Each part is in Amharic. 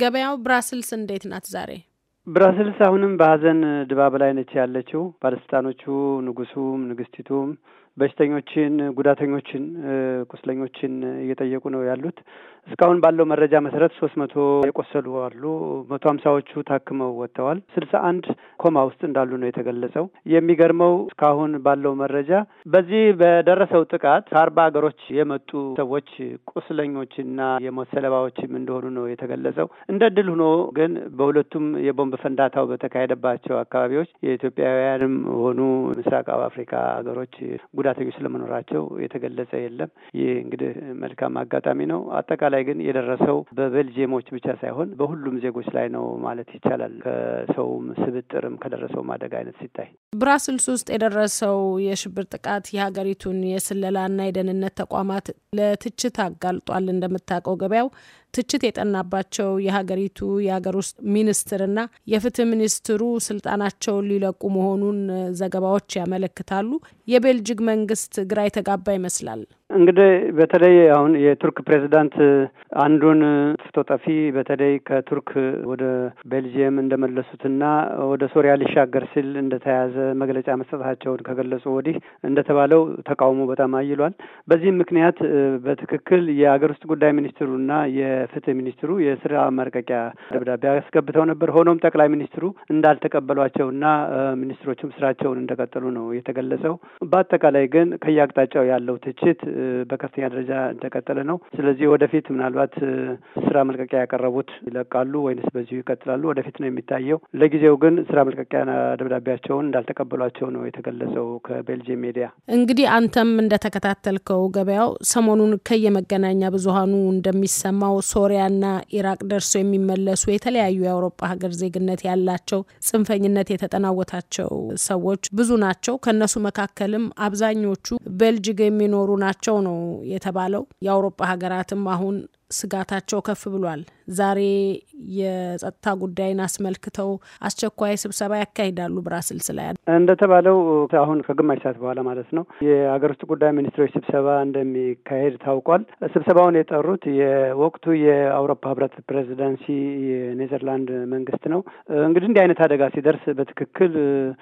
ገበያው ብራስልስ እንዴት ናት ዛሬ? ብራስልስ አሁንም በሀዘን ድባብ ላይ ነች ያለችው። ባለስልጣኖቹ ንጉሱም ንግስቲቱም በሽተኞችን፣ ጉዳተኞችን፣ ቁስለኞችን እየጠየቁ ነው ያሉት። እስካሁን ባለው መረጃ መሰረት ሶስት መቶ የቆሰሉ አሉ። መቶ ሀምሳዎቹ ታክመው ወጥተዋል። ስልሳ አንድ ኮማ ውስጥ እንዳሉ ነው የተገለጸው። የሚገርመው እስካሁን ባለው መረጃ በዚህ በደረሰው ጥቃት ከአርባ ሀገሮች የመጡ ሰዎች ቁስለኞችና የሞት ሰለባዎችም እንደሆኑ ነው የተገለጸው። እንደ ድል ሆኖ ግን በሁለቱም የቦምብ ፈንዳታው በተካሄደባቸው አካባቢዎች የኢትዮጵያውያንም ሆኑ ምስራቅ አፍሪካ ሀገሮች ጉዳተኞች ስለመኖራቸው የተገለጸ የለም። ይህ እንግዲህ መልካም አጋጣሚ ነው። አጠቃላይ ግን የደረሰው በቤልጅየሞች ብቻ ሳይሆን በሁሉም ዜጎች ላይ ነው ማለት ይቻላል። ከሰውም ስብጥርም ከደረሰውም አደጋ አይነት ሲታይ ብራስልስ ውስጥ የደረሰው የሽብር ጥቃት የሀገሪቱን የስለላና የደህንነት ተቋማት ለትችት አጋልጧል። እንደምታውቀው ገበያው ትችት የጠናባቸው የሀገሪቱ የሀገር ውስጥ ሚኒስትርና የፍትህ ሚኒስትሩ ስልጣናቸውን ሊለቁ መሆኑን ዘገባዎች ያመለክታሉ። የቤልጅግ መንግስት ግራ የተጋባ ይመስላል። እንግዲህ በተለይ አሁን የቱርክ ፕሬዚዳንት አንዱን አጥፍቶ ጠፊ በተለይ ከቱርክ ወደ ቤልጅየም እንደመለሱትና ወደ ሶሪያ ሊሻገር ሲል እንደተያዘ መግለጫ መስጠታቸውን ከገለጹ ወዲህ እንደተባለው ተቃውሞ በጣም አይሏል። በዚህም ምክንያት በትክክል የአገር ውስጥ ጉዳይ ሚኒስትሩና የፍትህ ሚኒስትሩ የስራ መርቀቂያ ደብዳቤ አስገብተው ነበር። ሆኖም ጠቅላይ ሚኒስትሩ እንዳልተቀበሏቸውና ሚኒስትሮቹም ስራቸውን እንደቀጠሉ ነው የተገለጸው። በአጠቃላይ ግን ከየአቅጣጫው ያለው ትችት በከፍተኛ ደረጃ እንደቀጠለ ነው። ስለዚህ ወደፊት ምናልባት ስራ መልቀቂያ ያቀረቡት ይለቃሉ ወይንስ በዚሁ ይቀጥላሉ ወደፊት ነው የሚታየው። ለጊዜው ግን ስራ መልቀቂያ ደብዳቤያቸውን እንዳልተቀበሏቸው ነው የተገለጸው ከቤልጅየም ሜዲያ። እንግዲህ አንተም እንደተከታተልከው ገበያው ሰሞኑን ከየመገናኛ ብዙሀኑ እንደሚሰማው ሶሪያና ኢራቅ ደርሶ የሚመለሱ የተለያዩ የአውሮፓ ሀገር ዜግነት ያላቸው ጽንፈኝነት የተጠናወታቸው ሰዎች ብዙ ናቸው። ከእነሱ መካከልም አብዛኞቹ ቤልጅግ የሚኖሩ ናቸው ነው የተባለው። የአውሮፓ ሀገራትም አሁን ስጋታቸው ከፍ ብሏል። ዛሬ የጸጥታ ጉዳይን አስመልክተው አስቸኳይ ስብሰባ ያካሂዳሉ ብራስልስ ላይ እንደተባለው አሁን ከግማሽ ሰዓት በኋላ ማለት ነው የሀገር ውስጥ ጉዳይ ሚኒስትሮች ስብሰባ እንደሚካሄድ ታውቋል። ስብሰባውን የጠሩት የወቅቱ የአውሮፓ ህብረት ፕሬዚደንሲ የኔዘርላንድ መንግስት ነው። እንግዲህ እንዲህ አይነት አደጋ ሲደርስ በትክክል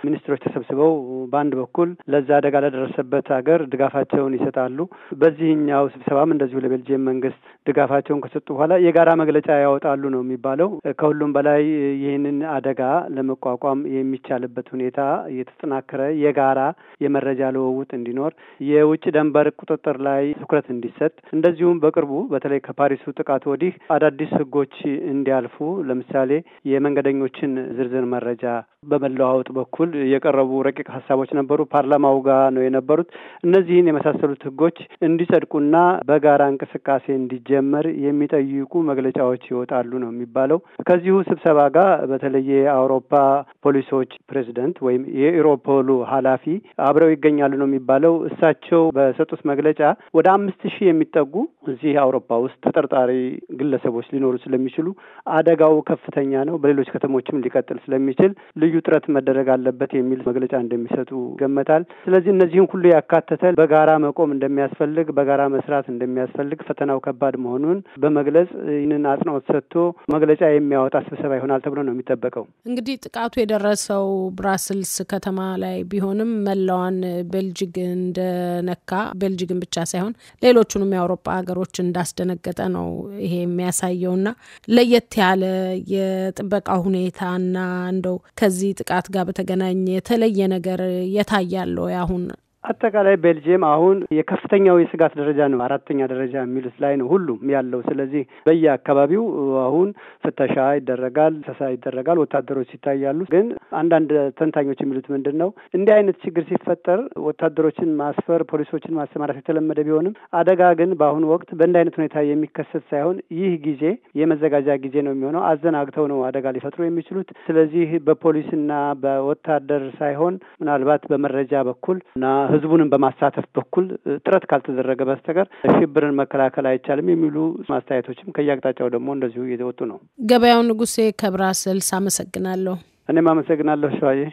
ሚኒስትሮች ተሰብስበው በአንድ በኩል ለዛ አደጋ ለደረሰበት ሀገር ድጋፋቸውን ይሰጣሉ። በዚህኛው ስብሰባም እንደዚሁ ለቤልጅየም መንግስት ድጋፋቸውን ከሰጡ በኋላ የጋራ መግለጫ ያወጣሉ ነው የሚባለው። ከሁሉም በላይ ይህንን አደጋ ለመቋቋም የሚቻልበት ሁኔታ የተጠናከረ የጋራ የመረጃ ልውውጥ እንዲኖር፣ የውጭ ደንበር ቁጥጥር ላይ ትኩረት እንዲሰጥ፣ እንደዚሁም በቅርቡ በተለይ ከፓሪሱ ጥቃት ወዲህ አዳዲስ ህጎች እንዲያልፉ ለምሳሌ የመንገደኞችን ዝርዝር መረጃ በመለዋወጥ በኩል የቀረቡ ረቂቅ ሀሳቦች ነበሩ። ፓርላማው ጋር ነው የነበሩት። እነዚህን የመሳሰሉት ህጎች እንዲጸድቁና በጋራ እንቅስቃሴ እንዲጀመር የሚጠይቁ መግለጫዎች ይወጣሉ ነው የሚባለው። ከዚሁ ስብሰባ ጋር በተለየ የአውሮፓ ፖሊሶች ፕሬዚደንት ወይም የኢሮፖሉ ኃላፊ አብረው ይገኛሉ ነው የሚባለው። እሳቸው በሰጡት መግለጫ ወደ አምስት ሺህ የሚጠጉ እዚህ አውሮፓ ውስጥ ተጠርጣሪ ግለሰቦች ሊኖሩ ስለሚችሉ አደጋው ከፍተኛ ነው፣ በሌሎች ከተሞችም ሊቀጥል ስለሚችል ልዩ ጥረት መደረግ አለበት የሚል መግለጫ እንደሚሰጡ ይገመታል። ስለዚህ እነዚህን ሁሉ ያካተተ በጋራ መቆም እንደሚያስፈልግ፣ በጋራ መስራት እንደሚያስፈልግ፣ ፈተናው ከባድ መሆኑን በመግለጽ ይህንን አጽንኦት ሰጥቶ መግለጫ የሚያወጣ ስብሰባ ይሆናል ተብሎ ነው የሚጠበቀው። እንግዲህ ጥቃቱ የደረሰው ብራስልስ ከተማ ላይ ቢሆንም መላዋን ቤልጅግ እንደነካ ቤልጅግን ብቻ ሳይሆን ሌሎቹንም የአውሮፓ ሀገሮች እንዳስደነገጠ ነው ይሄ የሚያሳየውና ለየት ያለ የጥበቃ ሁኔታና እንደው ከዚህ ከዚህ ጥቃት ጋር በተገናኘ የተለየ ነገር የታያለ አሁን? አጠቃላይ ቤልጅየም አሁን የከፍተኛው የስጋት ደረጃ ነው፣ አራተኛ ደረጃ የሚሉት ላይ ነው ሁሉም ያለው። ስለዚህ በየአካባቢው አሁን ፍተሻ ይደረጋል፣ ሰሳ ይደረጋል፣ ወታደሮች ይታያሉ። ግን አንዳንድ ተንታኞች የሚሉት ምንድን ነው እንዲህ አይነት ችግር ሲፈጠር ወታደሮችን ማስፈር፣ ፖሊሶችን ማሰማራት የተለመደ ቢሆንም አደጋ ግን በአሁኑ ወቅት በእንዲህ አይነት ሁኔታ የሚከሰት ሳይሆን ይህ ጊዜ የመዘጋጃ ጊዜ ነው የሚሆነው። አዘናግተው ነው አደጋ ሊፈጥሩ የሚችሉት። ስለዚህ በፖሊስና በወታደር ሳይሆን ምናልባት በመረጃ በኩል እና ህዝቡንም በማሳተፍ በኩል ጥረት ካልተደረገ በስተቀር ሽብርን መከላከል አይቻልም የሚሉ ማስተያየቶችም ከየአቅጣጫው ደግሞ እንደዚሁ እየተወጡ ነው። ገበያው ንጉሴ ከብራስልስ አመሰግናለሁ። እኔም አመሰግናለሁ ሸዋዬ።